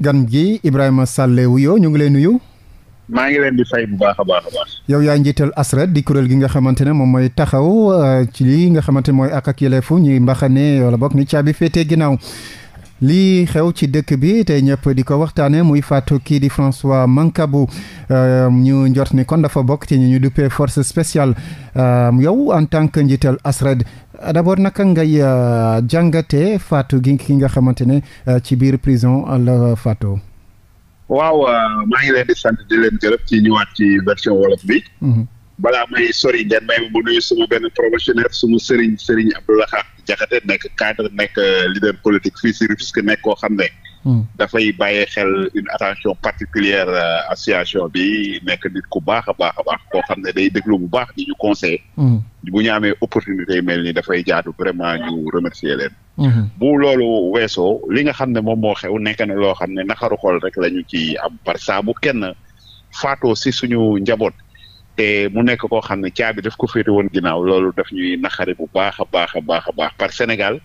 gan gi Ibrahima Sall Wuyo ñu ngi lay nuyu. maa ngi leen bu baax a baax yow yaa njiital ASRED di kuréel gi nga xamante ne moom mooy taxaw euh, ci lii nga xamante ne mooy ak ak yëlefu ñuy mbaxane wala boog ñu caabi féetee ginnaaw. lii xew ci dëkk bi tey ñëpp di ko waxtaanee muy faatu kii di François Mancabou euh, ñu njort ni kon dafa bokk ci ñu ñu duppee force spéciale euh, yow en tant que njiital ASRED d'abord naka ngay euh, jàngate faatu gi ki nga xamante ne euh, ci biir prison euh, la faatoo. waaw maa ngi leen di sant di leen gërëm ci ñëwaat ci version wolof bi. Mm-hmm. balaa may sori ngeen may bu nuyu suma benn promotionnaire suma Serigne Serigne Abdoulaye Jaxate nekk cadre nekk leader politique fii si Rufisque nekk koo xam ne. dafay bàyye xel une attention particulière euh, association bi nekk nit ku baax a baax a baax koo xam ne day déglu bu baax di ñu conseil mm-hmm. bu ñu amee opportunité yi mel dafay jaadu vraiment ñu remercier leen mm-hmm. bu loolu weesoo li nga xam ne moom moo xew nekk ne loo xam ne naxaru xol rek lañu ñu ci am par saabu bu kenn faatoo si suñu njaboot te mu nekk koo xam ne caabi def ko féete woon ginnaaw loolu daf ñuy naxari bu baax baax a baax a baax par Sénégal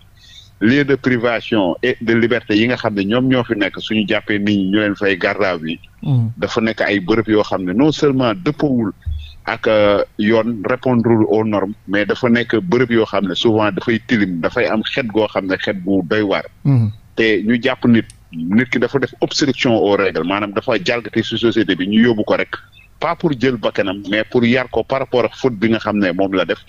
lieu de privation et de liberté yi nga xam ne ñoom ñoo fi nekk suñu jàppee nit ñi ñu leen fay garda bi mm. dafa nekk ay bërëb yoo xam ne non seulement dëppawul ak euh, yoon répondre aux normes mais dafa nekk bërëb yoo xam ne souvent dafay tilim dafay am xet goo xam ne xet bu doy waar mm. te ñu jàpp nit nit ki dafa def obstruction aux règles maanaam dafa jalgati su société bi ñu yóbbu ko rek pas pour jël bakkanam mais pour yar ko par rapport ak faute bi nga xam ne moom la def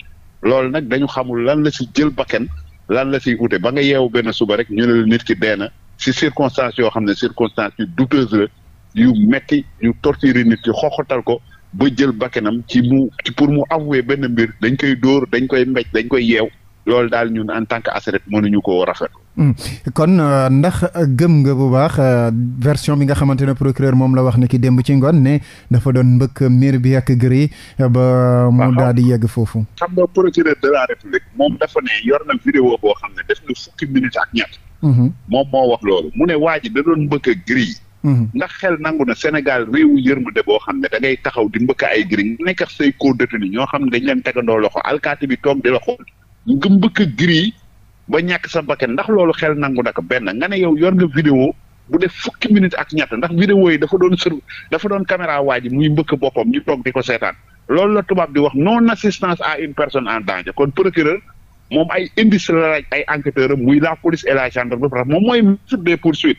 loolu nag dañu xamul lan la ci jël bakkan lan la siy ute ba nga yeew benn suba rek ñu ne la nit ki dee na si circonstance yoo xam ne circonstance yu douteuse la yu metti yu torturer nit ki xoxotal ko ba jël bakkanam ci mu pour mu avouer benn mbir dañ koy dóor dañ koy mbéj dañ koy yeew loolu daal ñun en tant que aseret mënuñu koo rafet Hmm. kon euh, ndax gëm nga bu baax euh, version bi nga xamante ne procureur moom la wax ne ki démb ci ngoon ne dafa doon mbëkk miir bi ak gërëy ba mu daal di yegg foofu. xam nga procureur la république moom dafa ne yor na vidéo boo xam ne def na fukki minutes ak ñett. Hmm. moom moo wax loolu mu ne waa ji da doon mbëkk gris. Hmm. ndax xel nangu na Sénégal réewu de boo xam ne da ngay taxaw di mbëkk ay gris nekk ak say co-détenu ñoo xam ne dañ leen tegandoo loxo alkaati bi toog di loxo nga mbëkk gris. ba ñàkk sa bakkan ndax loolu xel nangu naka benn nga ne yow yor nga vidéo bu def fukki minute ak ñett ndax vidéo yi dafa doon sur dafa doon caméra waa ji muy mbëkk boppam ñu toog di ko seetaan loolu la tubaab di wax non assistance à une personne en danger kon procureur moom ay indice la laaj ay enquêteurs muy la police et la gendarmerie moom mooy mesure des poursuites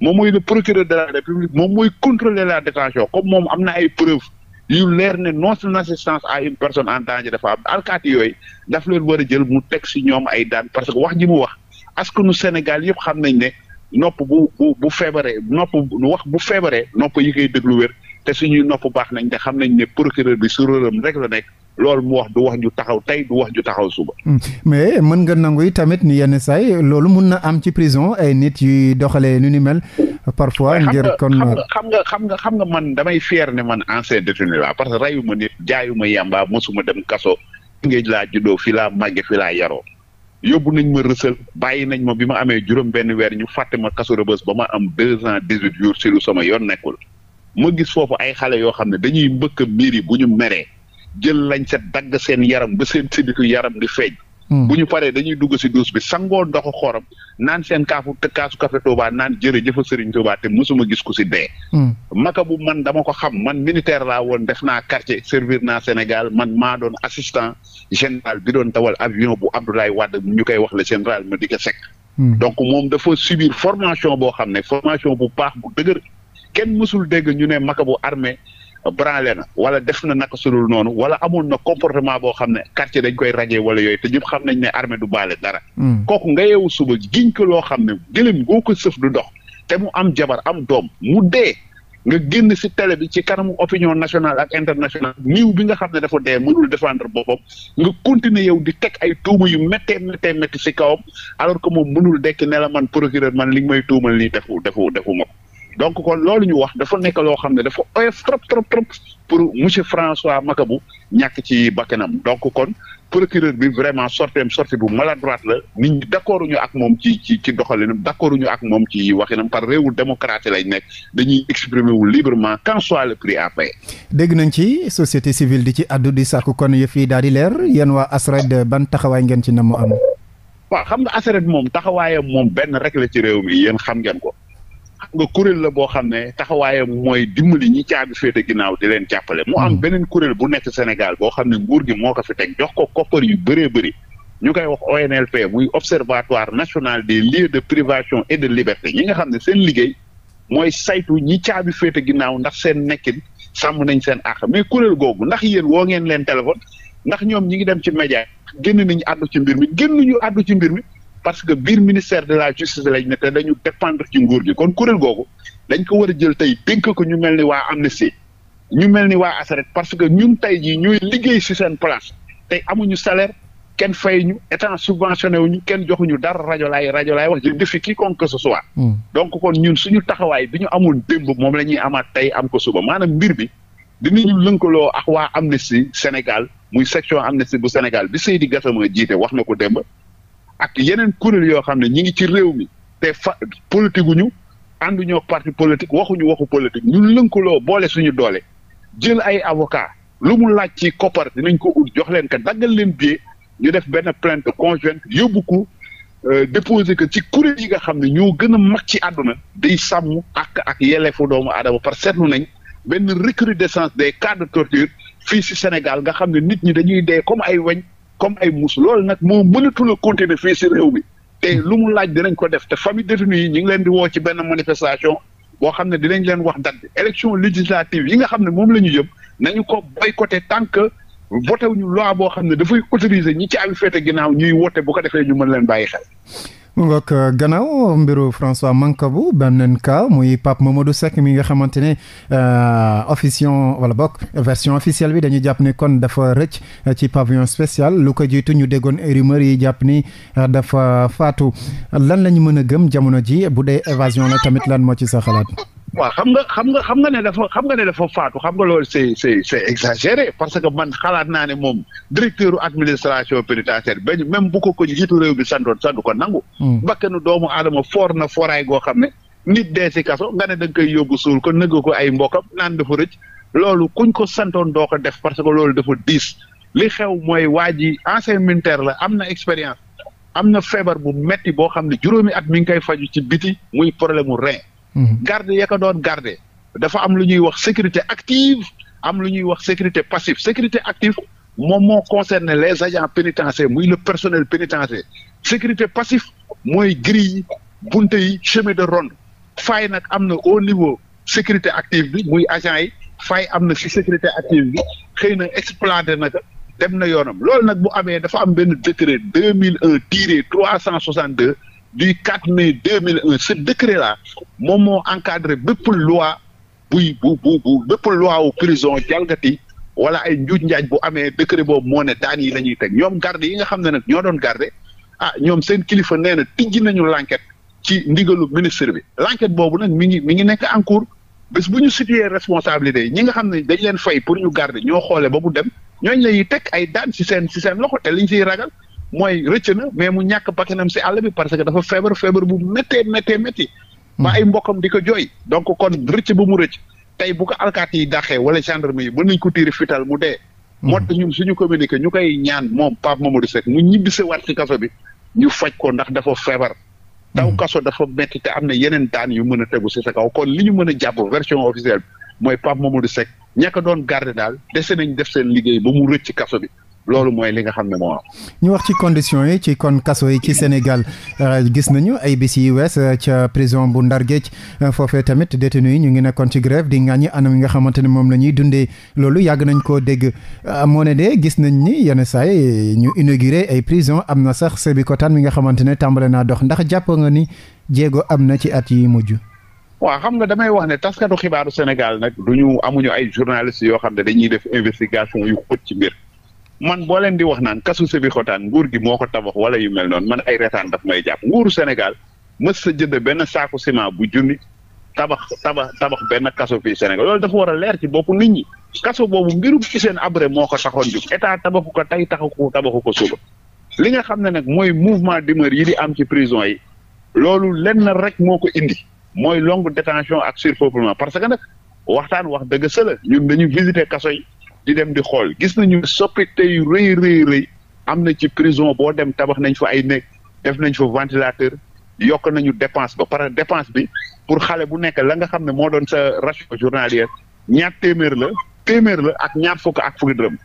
moom mooy le procureur de la république moom mooy contrôler la détention comme moom am na ay preuves yu leer ne non seulement assistance à une personne en danger dafa am alkaati yooyu daf leen war a jël mu teg si ñoom ay daan parce que wax ji mu wax askanu Sénégal yëpp xam nañ ne nopp bu bu feebaree nopp nu wax bu feebaree nopp yi koy déglu wér te suñuy nopp baax nañ te xam nañ ne procureur bi su rëram rek la nekk. loolu mu wax du wax ju taxaw tey du wax ju taxaw suba. Hmm. mais mën nga nangu tamit ni yenn saay loolu mun na am ci prison ay nit yuy doxalee nu ni mel. parfois ngir kon xam nga xam nga xam nga man damay fier ne man ancien détenu laa parce que reyu ma nit jaayu ma yàmbaa mosuma dem kaso. ngéej laa juddoo fi laa màgge fi laa yaroo yóbbu nañ ma rësal bàyyi nañ ma bi ma amee juróom benn weer ñu fàtte ma kaso rëbës ba ma am deux ans dix huit jours si lu sama yoon nekkul ma gis foofu ay xale yoo xam ne dañuy mbëkk miir yi bu ñu meree jël lañ set dagg seen yaram ba seen sidditu yaram di feeñ. Hmm. bu ñu paree dañuy dugg si duus bi sangoo ndoxu xorom naan seen kaafu te kaasu café Touba naan jërëjëfa Serigne Touba te mosuma gis ku si dee. Hmm. maka bu man dama ko xam man militaire laa woon def naa quartier servir naa Sénégal man maa doon assistant général bi doon tawal avion bu Abdoulaye Wade ñu koy wax le général Madické Seck. Hmm. donc moom dafa subir formation boo xam ne formation bu baax bu dëgër kenn mësul dégg ñu ne maka bu armée branlé na wala def na naka sudul noonu wala amul na comportement boo xam ne quartier dañ koy rajee wala yooyu te ñëpp xam nañ ne armée du baale dara hmm. kooku nga yeewu suba giñ ko loo xam ne gëlëm goo ko sëf du dox te mu am jabar am doom mu dee nga génn si télé bi ci kanamu opinion nationale ak internationale niiw bi nga xam ne dafa dee mënul défendre boppam nga continuer yow di teg ay tuuma yu méttee méttee métti si kawam alors que moom mënul dekk ne man procureur man li nga may tuumal nii defu defu defu ma donc kon loolu ñu wax dafa nekk loo xam ne dafa oyof trop trop trop pour monsieur François Makabu ñàkk ci bakkanam donc kon procureur bi vraiment sorteem sorti bu maladroite la nit ñi d'accord ñu ak moom ci ci ci doxalinam d'accord ñu ak moom ci waxinam par réewu démocratie lay nekk dañuy exprimer wu librement quand soit le prix à dégg nañ ci société civile di ci addu di sàkku kon yëf yi daal di leer yéen waa ASRED ban taxawaay ngeen ci na mu am. waa xam nga ASRED moom taxawaayam moom benn rek ci réew mi yéen xam ngeen ko. xam nga kuréel la boo xam ne taxawaayam mooy dimbali ñi caabi féete ginnaaw di leen jàppale moo am hmm. beneen kuréel bu nekk Sénégal boo xam ne nguur gi moo ko fi teg jox ko koppar yu bëree bëri ñu koy wax ONLP muy observatoire national des lieux de privation et de liberté ñi nga xam ne seen liggéey mooy saytu ñi caabi féete ginnaaw ndax seen nekkin sàmm nañ seen àq mais kuréel googu ndax yéen woo ngeen leen téléphone ndax ñoom ñi ngi dem ci média génn nañu àddu ci mbir mi génn ñu àddu ci mbir mi parce que biir ministère de la justice lañ ne dépendre ci nguur gi kon kuréel googu dañ ko war a jël tey dénk ko ñu mel ni waa Amnesty ñu mel ni waa ASRED parce que ñun tey jii ñuy liggéey si seen place tey amuñu salaire kenn fay ñu état subventionné wuñu kenn joxuñu dara rajo laay rajo laay wax je défie quiconque que ce soit. Hmm. donc kon ñun suñu taxawaay bi ñu amoon démb moom la ñuy amaat tey am ko suba maanaam mbir bi ñu lënkaloo ak waa Amnesty Sénégal muy section Amnesty bu Sénégal bi Seydi Gassama jiite wax na ko démb. ak yeneen kuréel yoo xam ne ñi ngi ci réew mi te fa politique gu ñu ànduñoo parti politique waxuñu waxu politique ñu lënkaloo boole suñu doole jël ay avocat lu mu laaj ci koppar dinañ ko ut jox leen daggal leen biee ñu def benn plainte conjointe yóbbu ko euh, déposer que ci kuréel yi nga xam ne ñoo gën a mag ci àdduna day sàmm ak ak yelleefu doomu aadama parce que seetlu nañ benn recrudescence des cas de torture fii si Sénégal nga xam ne nit ñi dañuy dee comme ay weñ comme ay muus loolu nag moo mënatul a continuer fii si réew mi te lu mu laaj dinañ ko def te famille détenu yi ñu ngi leen di woo ci benn manifestation boo xam ne dinañ leen wax date bi élection législative yi nga xam ne moom la ñu jëm nañu ko boycotté tant que voté wuñu loi boo xam ne dafay autoriser ñi ci abi féete ñuy woote bu ko defee ñu mën leen bàyyi xel mu ngoog euh, gannaaw mbiru François Mancabou beneen cas muy Pape Mamadou Seck mi nga xamante ne euh, officion wala bokk version officielle bi dañu jàpp ni kon dafa rëcc euh, ci pavillon spécial lu ko jiitu ñu déggoon rumeur yi jàpp ni dafa faatu lan la ñu mën a gëm jamono ji bu dee évasion la tamit lan moo ci sa xalaat. waaw xam nga xam nga xam nga ne dafa xam nga ne dafa faatu xam nga loolu c'est c'est c'est exagéré parce que man xalaat naa ne moom directeur administration pénitentiaire bañ même bu ko ko jiitu réew bi santoon santu ko nangu hmm. nu doomu aadama foor na fooraay goo xam ne nit dee si kaso nga ne da nga koy yóbbu suul ko nëgg ko ay mbokam naan dafa rëcc loolu kuñ ko santoon doo ko def parce que loolu dafa diis li xew mooy waa ji ancien militaire la am na expérience am na feebar bu metti boo xam ne juróomi at mi ngi koy faju ci biti muy problème mu rein Mhm. garde ya ko doon garde dafa am lu ñuy wax sécurité active am lu ñuy wax sécurité passive sécurité active moom moo concerne les agents pénitentiaires muy le personnel pénitentiaire sécurité passif mooy grille yi bunte yi chemin de ronde fay nag am na au niveau sécurité active bi muy agent yi faay am na si sécurité active bi xëy na exploité nag dem na yoonam loolu nag bu amee dafa am benn décret deux mille un tiré trois cent soixante deux du 4 mai 2001 ce décret là moom moo encadré bépp loi buy bu bu bu bépp loi wu prison jalgati wala ay njuuj njaaj bu amee décret boobu moo ne daan yi la teg ñoom garde yi nga xam ne nag ñoo doon garde ah ñoom seen kilifa nee na tijji nañu l'enquête ci ndigalu ministre bi l'enquête boobu nag mi ngi mi ngi nekk en bés bu ñu situé responsabilité yi ñi nga xam ne dañ leen fay pour ñu garde ñoo xoolee ba bu dem ñooñ lañuy teg ay daan ci seen ci seen loxo te liñ ciy ragal mooy rëcc na mais mu ñàkk bakkanam si àll bi parce que dafa feebar feebar bu méttee méttee métti. ba hmm. ay mbokkam di ko jooy. donc kon rëcc ba mu rëcc tey bu ko alkaati yi daxee wala gendarme mën nañ ko tiiri fital mu dee. Hmm. moo tax ñun suñu communiqué ñu koy ñaan moom Pape Mamadou Seck mu ñibbise waat ci kaso bi ñu faj ko ndax dafa feebar. daw hmm. kaso dafa métti te am na yeneen daan yu mën a tegu si sa kaw kon li ñu mën a jàpp version officielle bi mooy Pape Mamadou Seck ña ko doon garder daal dese nañ def seen liggéey ba mu rëcc kaso bi. loolu mooy li nga xam ne moo am. ñu wax ci conditions yi ci kon kaso yi ci Sénégal euh, gis nañu ay bis yi wees euh, ca prison bu Ndar Géej euh, foofee tamit détenu yi ñu ngi nekkoon ci grève di ŋàññi anam yi nga xamante ne moom la ñuy dundee loolu yàgg nañ koo dégg moo ne de gis nañ ni yenn saay ñu inauguré ay prison am na sax Sébikotane mi nga xamante ne tàmbale naa dox ndax jàpp nga ni jéego am na ci at yi mujj. waa xam nga damay wax ne taskatu xibaaru Sénégal nag du ñu amuñu ay journalistes yoo xam ne dañuy def investigation yu xóot ci mbir man boo leen di wax naan kasu sebi xotaan nguur gi moo ko tabax wala yu mel noonu man ay retaan daf may jàpp nguuru Sénégal mës sa jënd benn saaku ciment bu junni tabax tabax tabax benn kaso fii Sénégal dafa war a leer ci bopp nit ñi kaso boobu mbirum Hissène Habré moo ko taxoon jug état tabaxu ko tey taxu ko tabaxu ko suba li nga xam ne nag mooy mouvement d'humeur yi di am ci prison yi loolu lenn rek moo ko indi mooy longue détention ak surpeuplement parce que nag waxtaan wax dëgg sala ñun dañu visiter kaso yi di dem di xool gis nañu soppite yu rëy rëy rëy am na ci prison boo dem tabax nañ fa ay néeg def nañ fa ventilateur yokk nañu dépense ba pare dépense bi pour xale bu nekk la nga xam ne moo doon sa ratio journalière ñaar téeméer la téeméer la ak ñaar fukk ak fukki dërëm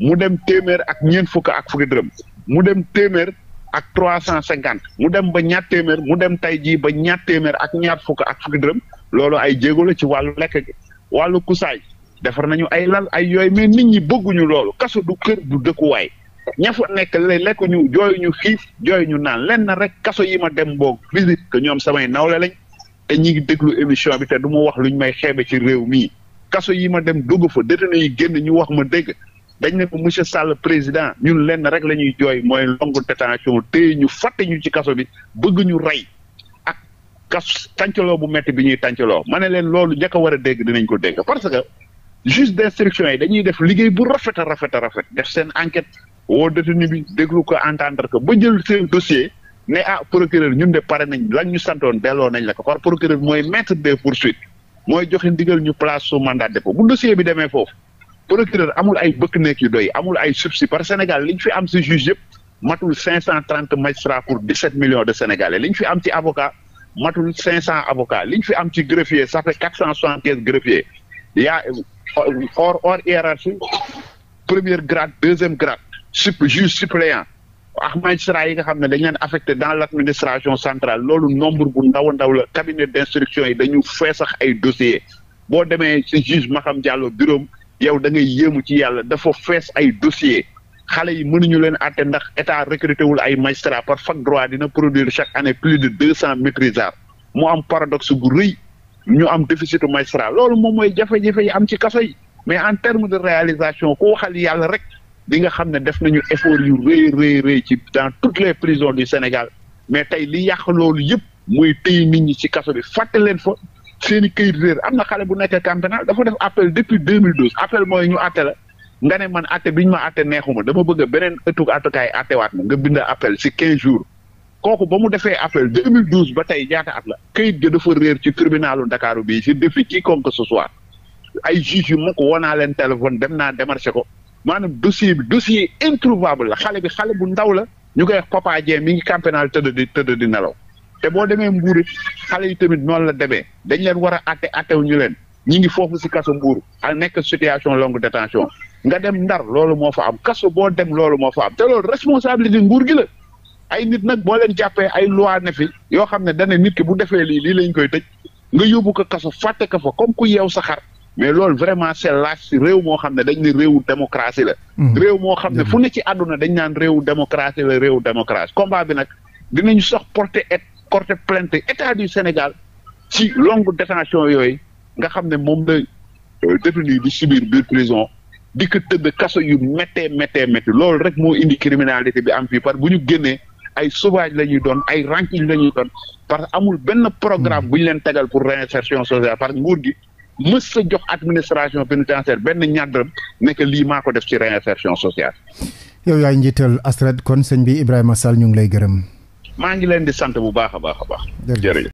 mu dem téeméer ak ñeent fukk ak fukki dërëm mu dem téeméer ak trois cent cinquante mu dem ba ñaar téeméer mu dem tey jii ba ñaar téeméer ak ñaar fukk ak fukki dërëm loolu ay jéego la ci wàllu lekk gi wàllu kusaay defar nañu ay lal ay yooyu mais nit ñi bëgguñu loolu kaso du kër du dëkkuwaay ña fa nekk lay lekk ñu jooy ñu xiif jooyu ñu naan lenn na rek kaso yi ma dem boog visite que ñoom samay nawle lañ te ñu ngi déglu émission bi te du ma wax luñ may xeebe ci réew mii kaso yi ma dem dugg fa détenu yi génn ñu wax ma dégg dañ ne ko monsieur Sall président ñun lenn rek la ñuy jooy mooy longue détention téye ñu fàtte ñu ci kaso bi bëgguñu ñu rey ak kas tàncaloo bu métti bi ñuy tàncaloo ma ne leen loolu njëkk war a dégg dinañ ko dégg parce que juge d'instruction yi dañuy def liggéey bu rafeta a rafet def seen enquête woo détenu bi déglu ko entendre ko ba jël seen dossier ne ah procureur ñun de pare nañ lan ñu santoon delloo nañ la ko par procureur mooy maître des poursuites mooy joxe ndigal ñu place su mandat dépôt bu dossier bi demee foofu procureur amul ay bëkk-néeg yu doy amul ay substitut par Sénégal li ñu fi am si juge yëpp matul cinq cent trente magistrats pour dix sept millions de Sénégalais li ñu fi am ci avocat matul cinq cent avocats li ñu fi am ci greffier ça fait quatre cent soixante quinze greffier il or a hors hors hiérarchie premier grade deuxième grade sup juge suppléant ah magistrat yi nga xam ne dañ leen affecté dans l' administration centrale loolu nombre bu ndaw ndaw la cabinet d' yi dañu feesax ay dossiers boo demee ci juge Maham Diallo bureau yow da ngay yéemu ci yàlla dafa fees ay dossiers xale yi mënuñu leen àtte ndax état recruté wul ay magistrat par fac droit dina produire chaque année plus de deux cent maîtrisables mu am paradoxe bu rëy. ñu am déficit u magistrat loolu moom mooy jafe-jafe yi am ci kaso mais en terme de réalisation ko waxal yàlla rek di nga xam ne def nañu effort yu rëy rëy rëy ci dans toutes les prisons du Sénégal mais tey li yàq loolu yëpp muy tëy nit ñi ci kaso bi fàtte leen fa seen i këyit am na xale bu nekkee camp pénal dafa def appel depuis 2012 appel mooy ñu àtte la nga ne man àtte bi ñu ma àtte neexuma dama bëgg beneen ëttug àttukaay àttewaat ma nga bind appel ci 15 jours kooku ba mu defee appel 2012 ba tey jaata at la kayit ga dafa réer ci tribunalu Ndakaaru bi je défie quiconque que ce soit ay juge yu ma ko woo leen téléphone dem naa démarché ko maanaam dossier bi dossier introuvable la xale bi xale bu ndaw la ñu koy wax Papa Dieng mi ngi camp pénal tëdd di di nelaw te boo demee Mbour xale yi tamit noonu la demee dañ leen war a àtte àttewu ñu leen ñi ngi foofu si kaso Mbour a nekk situation longue détention nga dem Ndar loolu moo fa am kaso boo dem loolu moo fa am te loolu responsabilité nguur gi la. ay nit nag boo leen jàppee ay loi nefi yoo xam ne dane nit ki bu defee lii lii lañ koy tëj nga yóbbu ko kaso fàtte ko fa comme ku yeew saxaar mais loolu vraiment c'est laaj si réew moo xam ne dañ ne réewu démocratie la hmm. réew moo xam ne hmm. fu ne ci àdduna dañ naan réewu démocratie la réewu démocratie combat nag dinañu sax porter et porter plainte état du Sénégal ci longue détention yooyu nga xam ne moom la euh, détenu di subir biir prison dikk ko tëdd kaso yu méttee méttee métti loolu rek moo indi criminalité bi am fii par bu ñu génnee ay sauvage la ñuy doon ay rancune la ñuy doon parce que amul benn programme hmm. bu leen tegal pour réinsertion sociale parce que nguur gi mës sa jox administration pénitentiaire benn ñàddam nekk lii maa ko def ci réinsertion sociale. yow yaay njiital ASRED kon sëñ bi Ibrahima Sall ñu ngi lay gërëm. maa ngi leen di sant bu baax a baax a baax. jërëjëf.